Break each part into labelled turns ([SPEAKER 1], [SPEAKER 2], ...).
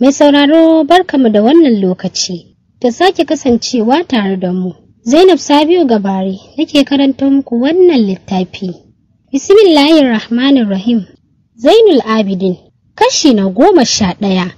[SPEAKER 1] Mai sauraro barkamu da wannan lokaci, da sake kasancewa tare da mu. Zainab Sabiu Gabari nake karanta muku wannan littafi. Bismillahir Rahmanir Rahim. Zainul Abidin, kashi na goma sha ɗaya.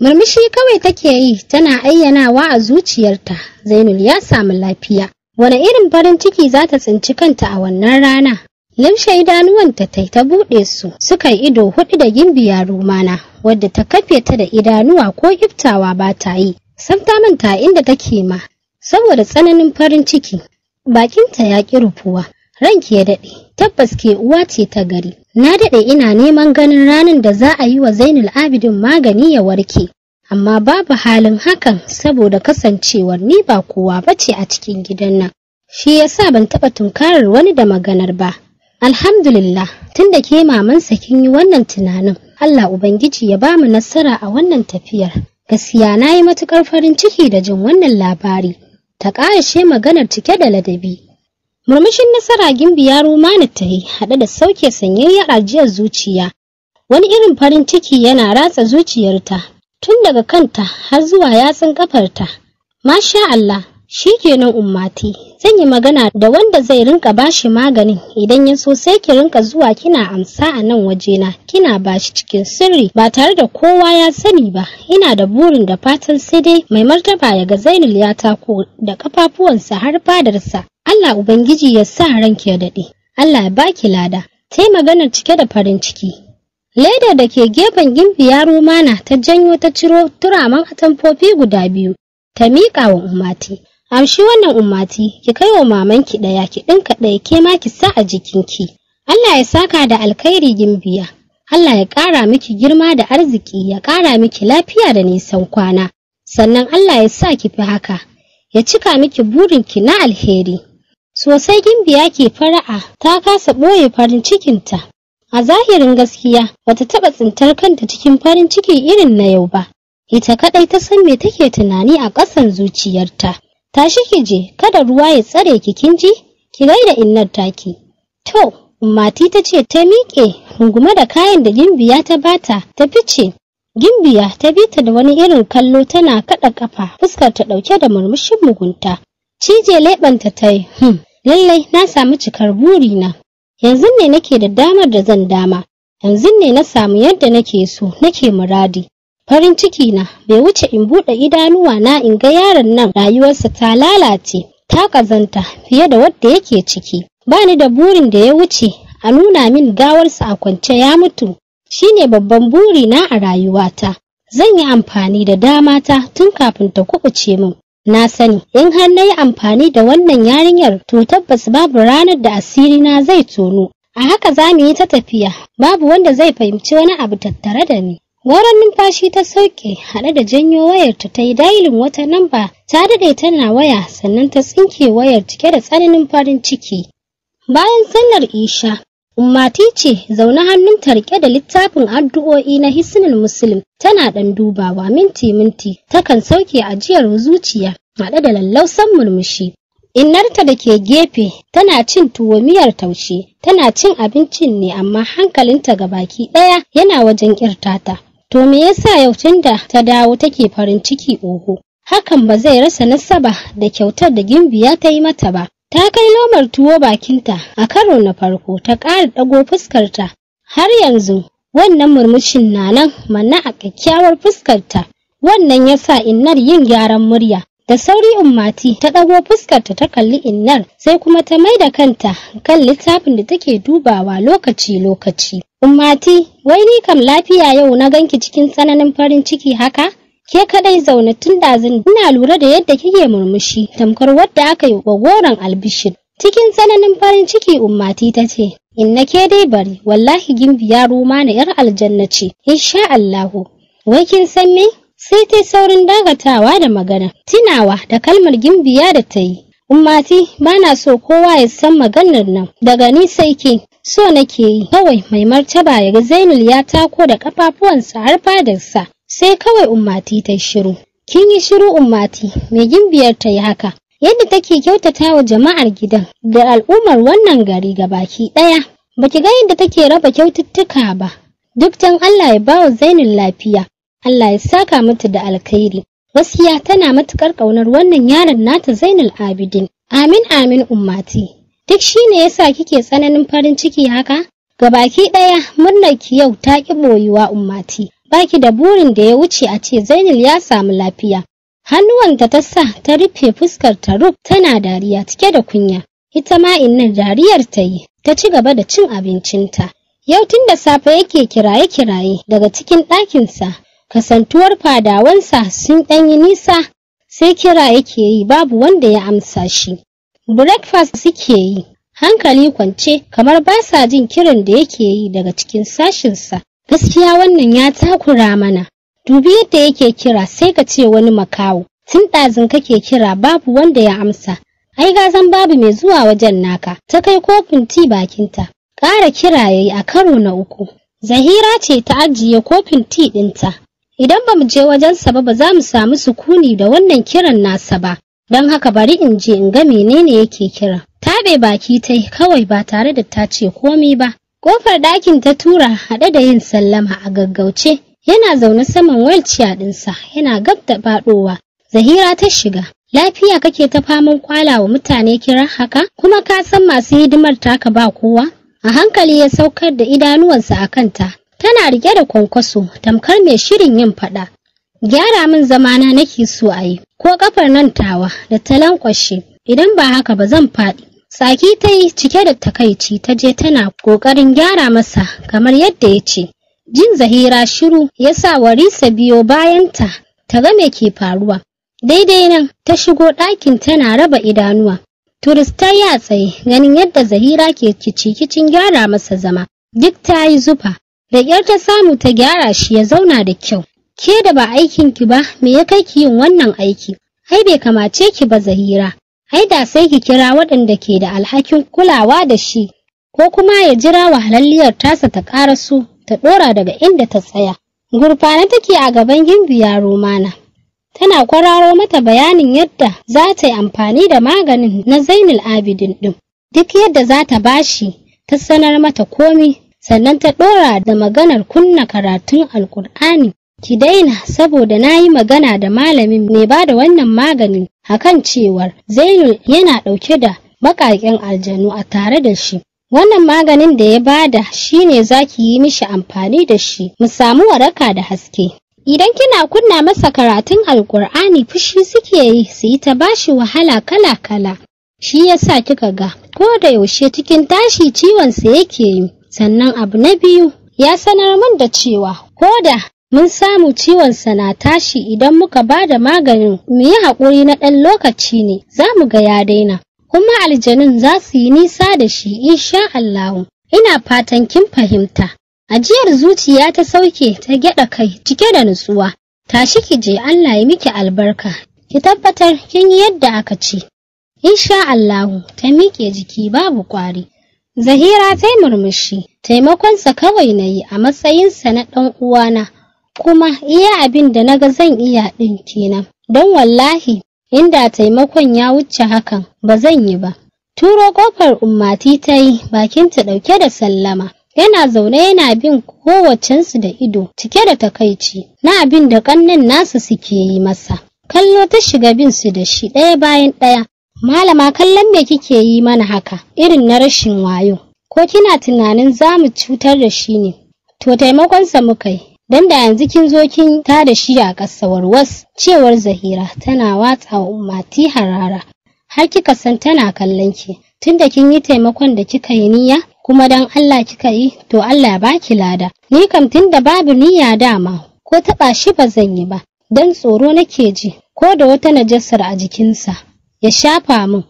[SPEAKER 1] Murmushi kawai take yi tana ayyanawa a zuciyarta, Zainul ya samu lafiya. Wane irin farin ciki za ta tsinci kanta a wannan rana? Limshe idanuwanta tai ta buɗe su, suka yi ido huɗu da gimbiya rumana, wadda ta kafe ta da idanuwa ko iftawa ba ta yi sam ta manta inda take ma saboda tsananin farin ciki bakinta ya ƙi rufuwa ranki ya daɗe tabbas ke uwa ce ta gari na daɗe ina neman ganin ranar da za a yi wa zainul abidin magani ya warke amma babu halin hakan saboda kasancewar ni ba kowa bace a cikin gidan nan shi ya sa ban taɓa tunkarar wani da maganar ba alhamdulillah tunda ke mamansa kin yi wannan tunanin Allah Ubangiji ya ba mu nasara a wannan tafiyar. Gaskiya na yi matuƙar farin ciki da jin wannan labari, ta ƙarashe maganar cike da ladabi. Murmushin nasara gimbi ya rumana ta yi haɗe da sauke sanyin yara ajiyar zuciya. Wani irin farin ciki yana ratsa zuciyarta tun daga kanta har zuwa yatsun ƙafarta. Masha Allah, shi kenan ummati, zan yi magana da wanda zai rinka bashi maganin idan ya so sai ki rinka zuwa kina amsa a nan wajena kina bashi cikin sirri ba tare da kowa ya sani ba ina da burin da fatan sai dai mai martaba ya ga Zainul ya tako da kafafuwansa har fadarsa Allah ubangiji ya sa ranki ya dade Allah ya baki lada ta maganar cike da farin ciki Leda da ke gefen gimbiya Romana ta janyo ta ciro turaman atamfofi guda biyu ta miƙa wa umati. amshi wannan ummati ki kai wa mamanki ɗaya ki ɗinka ɗaya ke ma ki sa a jikinki Allah ya saka da alkhairi gimbiya Allah ya ƙara miki girma da arziki ya ƙara miki lafiya da nisan kwana sannan Allah ya sa ki fi haka ya cika miki burinki na alheri sosai gimbiya ke fara'a ta kasa ɓoye farin cikinta a zahirin gaskiya bata taɓa tsintar kanta cikin farin ciki irin na yau ba ita kaɗai ta san me take tunani a ƙasan zuciyarta tashi ki je kada ruwa ya tsare ki kin ji ki gaida innar taki to mati ta ce ta miƙe rungume da kayan da gimbiya ta bata ta fice gimbiya ta bi ta da wani irin kallo tana kaɗa ƙafa fuskar ta ɗauke da murmushin mugunta cije lebanta ta yi hmm lallai na samu cikar buri na yanzu ne nake da damar da zan dama yanzu ne na samu yadda nake so nake muradi farin ciki na bai wuce in buɗe idanuwa na in ga yaron nan rayuwarsa ta lalace ta kazanta, fiye da wadda yake ciki bani da burin da ya wuce a nuna min gawarsa a kwance ya mutu shine babban buri na a rayuwata zan yi amfani da damata tun kafin ta kubuce min na sani in har na yi amfani da wannan yarinyar to tabbas babu ranar da asiri na zai tono a haka za mu yi ta tafiya babu wanda zai fahimci wani abu tattare da ni Goron numfashi ta sauke haɗe da janyo wayarta ta yi dailin wata namba ta daɗe tana waya sannan ta tsinke wayar cike da tsananin farin ciki. Bayan sallar Isha, Ummati ce zaune ta rike da littafin addu'o'i na Hisnul Muslim tana ɗan dubawa minti-minti takan sauke ajiyar zuciya haɗe da lallausan murmushi. Innarta da ke gefe tana cin tuwo miyar taushe, tana cin abincin ne amma hankalinta ga baki ɗaya yana wajen ƙirtata. To me yasa yaucin da ta dawo take farin ciki oho? Hakan ba zai rasa nasaba da kyautar da gimbiya ta yi mata ba. Ta kai lomar tuwo bakinta a karo na farko ta ƙara ɗago fuskarta. Har yanzu wannan murmushin na nan manna a kyakkyawar fuskarta. Wannan yasa innar yin gyaran murya Da sauri ummati ta ɗago fuskar ta ta kalli innar sai kuma ta mai da kanta kan littafin da take dubawa lokaci-lokaci. Ummati, wai ni kam lafiya yau na ganki cikin tsananin farin ciki haka? Ke kadai zaune tun ɗazun ina lura da yadda kike murmushi tamkar wadda aka yi wa goron albishir. Cikin tsananin farin ciki ummati ta ce, Inna ke dai bari, wallahi Gimbi ya ruma na ‘yar aljanna ce, insha Allahu. Wai kin san me? sai ta saurin dagatawa da magana tunawa da kalmar gimbiya da ta yi ummati ba na so kowa ya san maganar nan daga ni sai ke so nake yi kawai mai martaba ya ga zainul ya tako da kafafuwansa har fadarsa sai kawai ummati ta shiru kin yi shiru ummati mai gimbiyar ta yi haka yadda take kyautata wa jama'ar gidan da al'ummar wannan gari ga baki ɗaya baki ga yadda take raba kyaututtuka ba duk don Allah ya bawa zainul lafiya Allah ya saka mata da alkhairi gaskiya tana matukar ƙaunar wannan yaron nata Zainul Abidin amin amin ummati duk shi shine yasa kike tsananin farin ciki haka gabaki daya murnar ki yau ta ki boyuwa ummati baki da burin da ya wuce a ce Zainul ya samu lafiya hannuwanta ta sa ta rufe fuskar ta rub tana dariya cike da kunya ita ma innan dariyar ta yi ta ci gaba da cin abincinta yau tun da safe yake kiraye kiraye daga cikin ɗakinsa kasantuwar fadawansa sun ɗanyi nisa sai kira yake yi babu wanda ya amsa shi. Breakfast suke yi, hankali kwance kamar ba sa jin kiran da yake yi daga cikin sashinsa. Gaskiya wannan ya takura mana. Dubi yadda yake kira sai ka ce wani makawo. Tun ɗazin kake kira babu wanda ya amsa. Ai gazan babu mai zuwa wajen naka. Ta kai kofin ti bakinta. Ƙara kira yayi a karo na uku. Zahira ce ta ajiye kofin ti ɗinta. Idan ba mu je wajensa ba ba za mu samu sukuni da wannan kiran nasa ba, don haka bari in je in ga menene yake kira. Taɓe baki ta kawai ba tare da ta ce komi ba. Kofar ɗakin ta tura haɗe da yin sallama a gaggauce, yana zaune saman welciya ɗinsa, yana gab da faɗowa. Zahira ta shiga. Lafiya kake ta faman kwala wa mutane kira haka? Kuma ka san masu hidimar taka ba kowa? A hankali ya saukar da idanuwansa a kanta, tana rike da kwankwaso tamkar mai shirin yin fada gyara min zamana nake so a yi ko kafar nan tawa da ta lankwashe idan ba haka ba zan faɗi Saki ta yi cike da takaici ta je tana ƙoƙarin gyara masa kamar yadda ya ce jin zahira shiru ya sa warisa biyo bayanta ta ga me ke faruwa daidai nan ta shigo ɗakin tana raba idanuwa turis ya tsaye ganin yadda zahira ke kicikicin gyara masa zama duk ta yi zufa da ta samu ta gyara shi ya zauna da kyau ke da ba aikin ki ba me ya kai ki yin wannan aiki ai bai kamace ki ba zahira ai da sai ki kira waɗanda ke da alhakin kulawa da shi ko kuma ya jira wa wahalalliyar tasa ta su ta ɗora daga inda ta tsaya gurfana take a gaban gimbiya romana tana kwararo mata bayanin yadda za ta yi amfani da maganin na zainul abidin ɗin duk yadda za ta bashi ta sanar mata komi sannan ta ɗora da maganar kunna karatun alkur'ani ki daina saboda na yi magana da malamin mai ba da wannan maganin akan cewar zainul yana ɗauke da baƙaƙen aljanu a tare da shi wannan maganin da ya bada za ki yi mishi amfani da shi mu samu waraka da haske idan kina kunna masa karatun alkur'ani fushi suke yi su yi ta bashi wahala kala kala shi yasa kika ga ko da yaushe cikin tashi ciwon sa yake yi sannan abu na biyu ya sanar min da cewa ko da mun samu ciwon sana tashi idan muka ba da maganin mu yi haƙuri na ɗan lokaci ne za mu ga ya daina kuma aljanun za su yi nisa da shi insha Allahu ina fatan kin fahimta ajiyar zuciya ta sauke ta gyaɗa kai cike da nutsuwa tashi ki je Allah ya miki albarka ki tabbatar kin yi yadda aka ce insha Allahu ta miƙe jiki babu ƙwari Zahira ta yi murmushi, taimakonsa kawai na yi a matsayinsa na ɗan uwana, kuma iya abin da na ga zan iya ɗin kenan. Don wallahi, inda taimakon ya wuce hakan, ba zan yi ba. Turo ƙofar ummati ta yi bakinta ɗauke da sallama. Yana zaune yana bin kowacensu da ido cike da takaici na abin da ƙannen nasu suke yi masa. Kallo ta shiga bin su da shi ɗaya bayan ɗaya. Malama kallon me kike yi mana haka irin na rashin wayo ko kina tunanin za mu cutar da shi ne to taimakonsa muka yi don da yanzu kin zo kin ta da shi a kasawar warwas cewar Zahira tana watsa wa ummati harara har kika san tana kallon ki tunda kin yi taimakon da kika yi niyya kuma dan Allah kika yi to Allah baki lada ni kam tunda babu niyya dama ko taɓa shi ba zan yi ba dan tsoro nake ji ko da wata najasar a jikinsa ya shafa min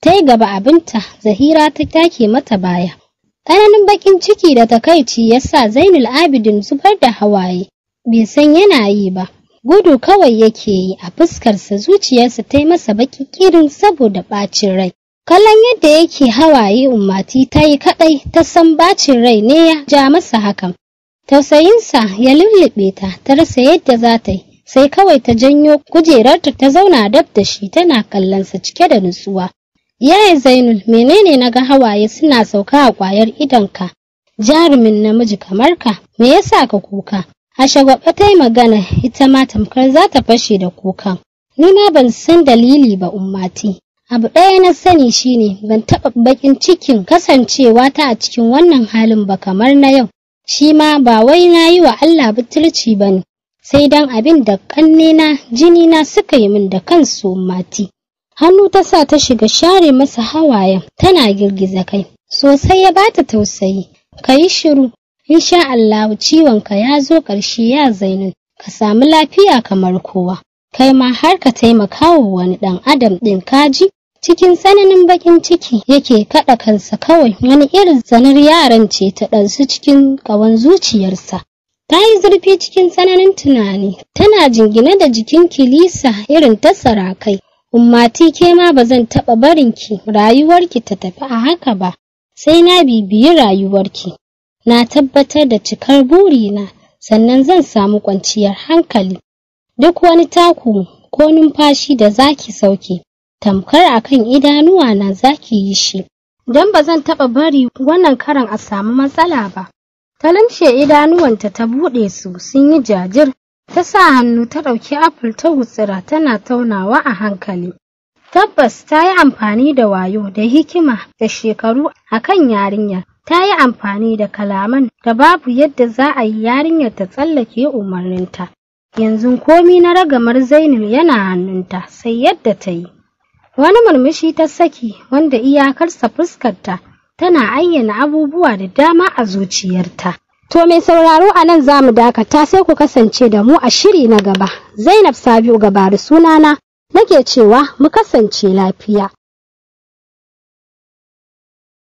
[SPEAKER 1] ta yi gaba abinta zahira ta take mata baya tsananin baƙin ciki da takaici ya sa zainul abidin zubar da hawaye bai san yana yi ba gudu kawai yake yi a fuskarsa zuciyarsa ta yi masa baki kirin saboda ɓacin rai kallon yadda yake hawaye ummati ta yi kaɗai, ta san bacin rai ne ya ja masa hakan tausayinsa ya lullube ta ta rasa yadda za ta yi sai kawai ta janyo kujerarta ta zauna dab da shi tana kallonsa cike da nutsuwa. Yaya Zainul menene na ga hawaye suna sauka a ƙwayar idonka, jarumin namiji kamar ka, me yasa ka kuka? A shagwaɓa ta yi magana ita ma tamkar za ta fashe da kuka. Ni ma ban san dalili ba ummati. Abu ɗaya na sani shine ban taɓa baƙin cikin kasancewa ta a cikin wannan halin ba kamar na yau. Shi ma ba wai na yi wa Allah butulci ba ne, sai dan abin da ƙannena jinina suka yi min da kansu mati. Hannu ta sa ta shiga share masa hawayen tana girgiza kai, sosai ya bata tausayi, ka yi shiru, insha Allahu ciwonka ya zo ƙarshe ya zainu ka samu lafiya kamar kowa. Kai ma har ka taimaka wa wani ɗan adam ɗin kaji cikin tsananin baƙin ciki yake kaɗa kansa kawai wani irin zanar yaran ce ta ɗansu cikin ƙawan zuciyarsa ta yi zurfi cikin tsananin tunani tana jingine da jikin kilisa irin ta sarakai ummati ke ma ba zan taɓa barinki rayuwarki ta tafi a haka ba sai na bibiyi rayuwarki na tabbatar da cikar burina sannan zan samu kwanciyar hankali duk wani taku ko numfashi da zaki sauke tamkar akan idanuwa na zaki yi shi don ba zan taɓa bari wannan karan a samu matsala ba ta lumshe idanuwanta ta buɗe su sun yi jajir ta sa hannu ta ɗauki apple ta gutsira tana taunawa a hankali tabbas ta yi amfani da wayo da hikima da shekaru a kan yarinyar ta yi amfani da kalaman da babu yadda za a yi yarinyar ta tsallake umarninta yanzu komi na ragamar zainul yana hannunta sai yadda ta yi wani murmushi ta saki wanda iyakarsa fuskarta tana ayyana abubuwa da dama a zuciyarta. To mai sauraro a nan za mu dakata sai ku kasance da mu a shiri na gaba. Zainab Sabiu Gabaru sunana nake cewa mu kasance lafiya.